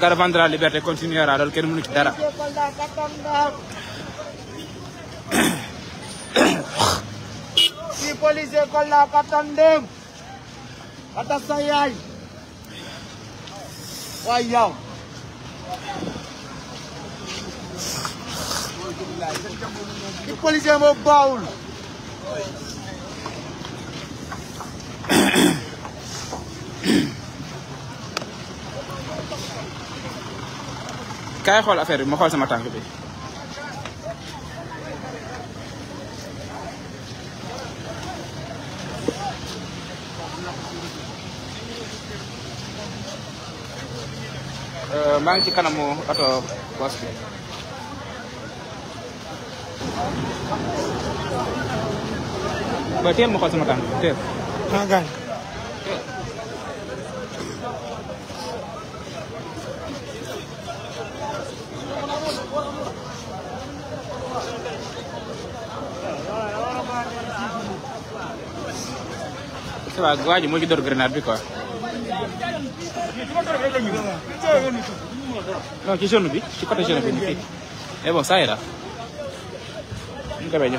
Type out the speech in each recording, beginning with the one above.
caravane de la liberté continuera loolu kenn mënu ci dara. si policier Kolda kattan dem kattan sa yaay waay yow. si policier moo baawul. kay xol affaire ma xol sama tank bi euh ma ngi ci kanamu auto bos bi ba teel ma xol sama tank ha teel. c'est vrai waa moo ci door grenade bi quoi. non ci zone bi ci côté zone bi nii fii bon ça ira ñu demee ñu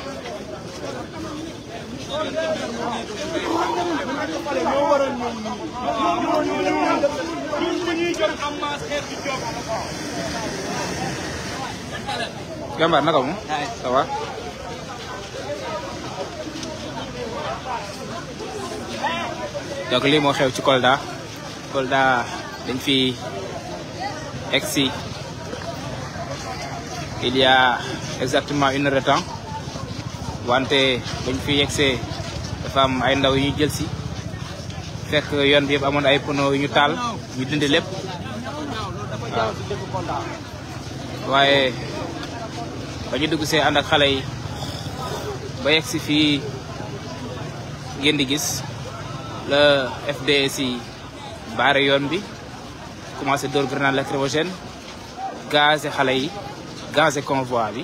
ñoo waral ñoom ñoo ñun bu ñuy jot am maas xeer bi jóg. Gambar naka mu. ça va. donc lii moo xew ci Kolda Kolda dañ fi egsi il y a exactement une heure de temps. wante bañ fi yegsee dafa am ay ndaw yu ñu jël si fekk yoon bi yëpp amoon ay pono yu ñu taal ñu dindi lépp waaw waaye ba ñu dugg xale yi ba yegsi fii ngeen di gis la FDS yi baare yoon bi commencé dóor grenade lacrymogène gazé xale yi gazé convoi bi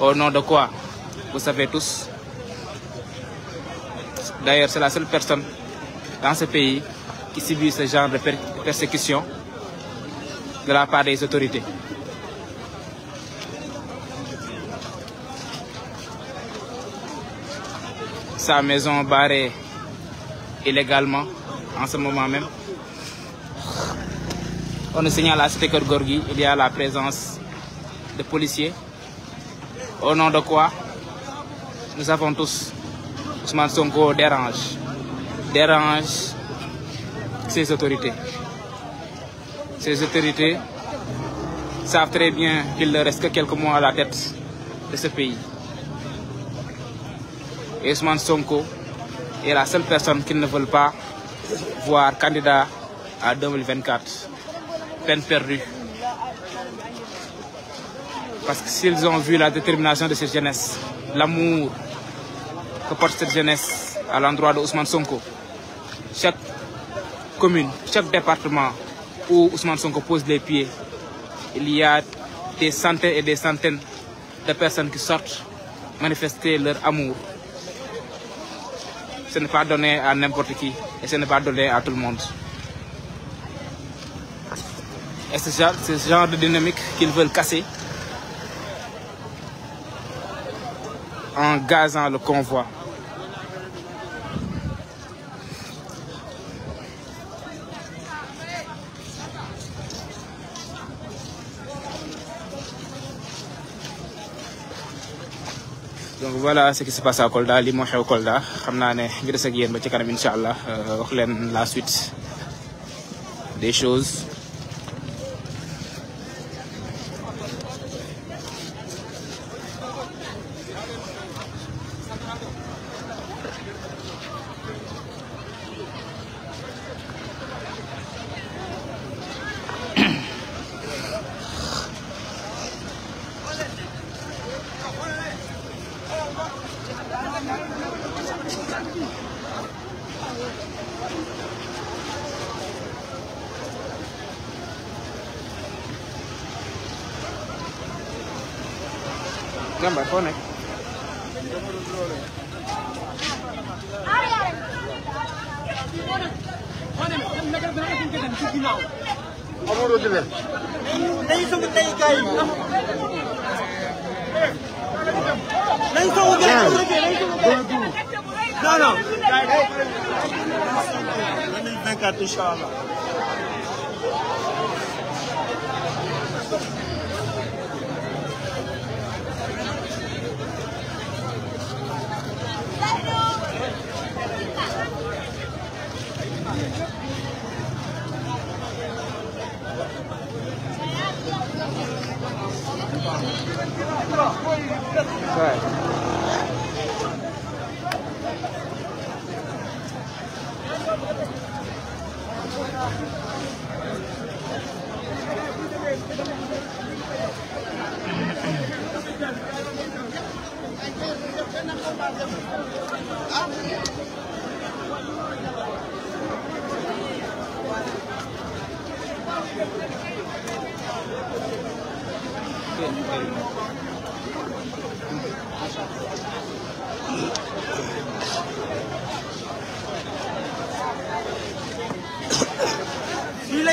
Au nom de quoi Vous savez tous. D'ailleurs, c'est la seule personne dans ce pays qui subit ce genre de persécution de la part des autorités. Sa maison barrée illégalement en ce moment même. On signale à Stéker Gorgi, il y a la présence de policiers au nom de quoi Nous avons tous, Ousmane Sonko dérange. Dérange ses autorités. Ces autorités savent très bien qu'il ne reste que quelques mois à la tête de ce pays. Et Ousmane Sonko est la seule personne qu'ils ne veulent pas voir candidat à 2024. Peine perdue. Parce que s'ils ont vu la détermination de cette jeunesse, l'amour que porte cette jeunesse à l'endroit de Ousmane Sonko, chaque commune, chaque département où Ousmane Sonko pose les pieds, il y a des centaines et des centaines de personnes qui sortent manifester leur amour. Ce n'est pas donné à n'importe qui et ce n'est pas donné à tout le monde. Et c'est ce genre de dynamique qu'ils veulent casser en gazant le convoi. donc voilà ce qui se passe à Kolda ce et au Kolda Je naa ne ñu ak ba euh, la suite des choses. la mbay foo nekk amuloo di leen. nañu soog a tey gars yi. nañu soog a gars yi. non non. 2024 incha allah. Right. Thank you. fii la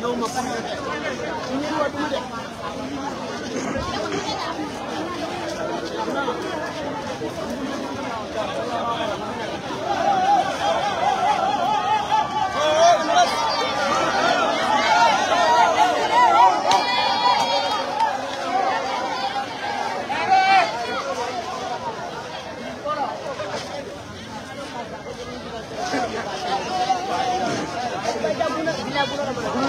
Thank you.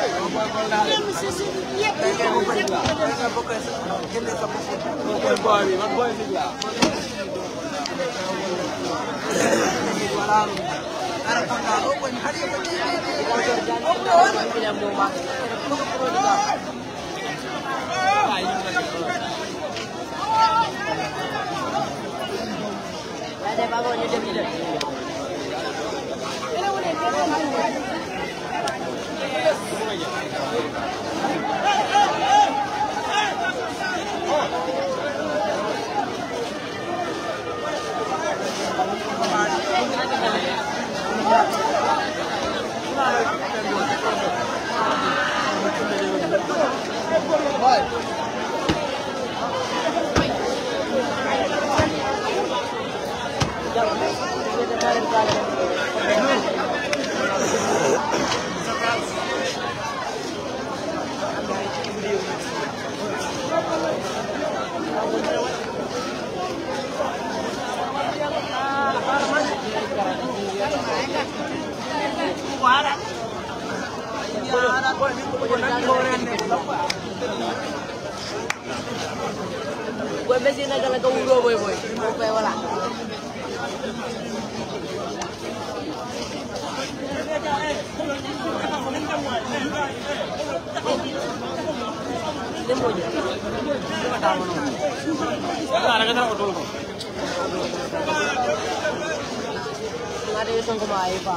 Ada apa-apa ni dia bila. Kalau boleh, k a l boleh. Oh! Boy Messi naga-naga wuro boy boy. Boy wala. Ada yang sanggup apa?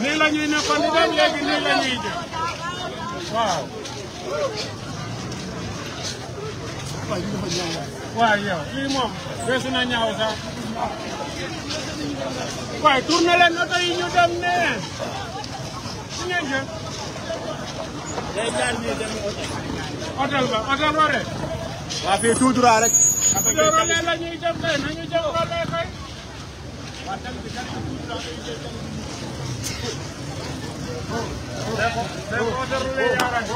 nii la ñuy nekkoon di dem léegi nii la ñuy jëm waaw. waaw yow lii moom weesu na ñaaw sax waaye tourné leen oto yi ñu dem nee su ngeen jëm. otel ba otel ba rek. waa fii tout droit rek. Dorolé la ñuy jëm kay nañu jëm Dorolé kay. waa tali bi tali bi tout droit dañuy jëm. Deko deko Dorolé yaa rek.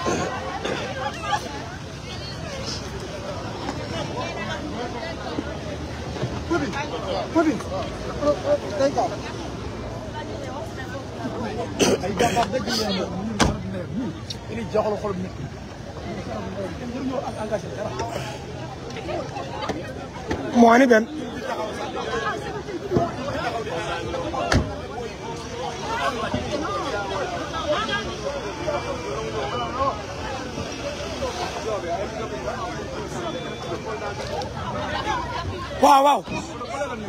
Thank you. Putting. Thank you. 老板，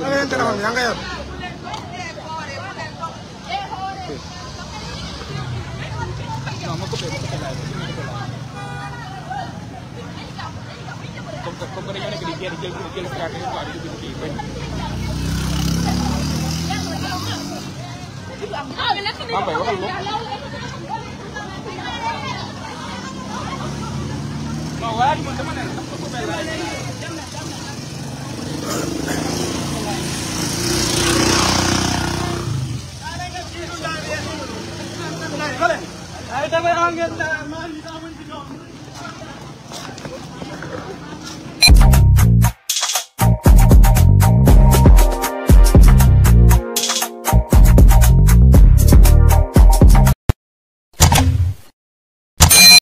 老板，你啷个样？¡Hala!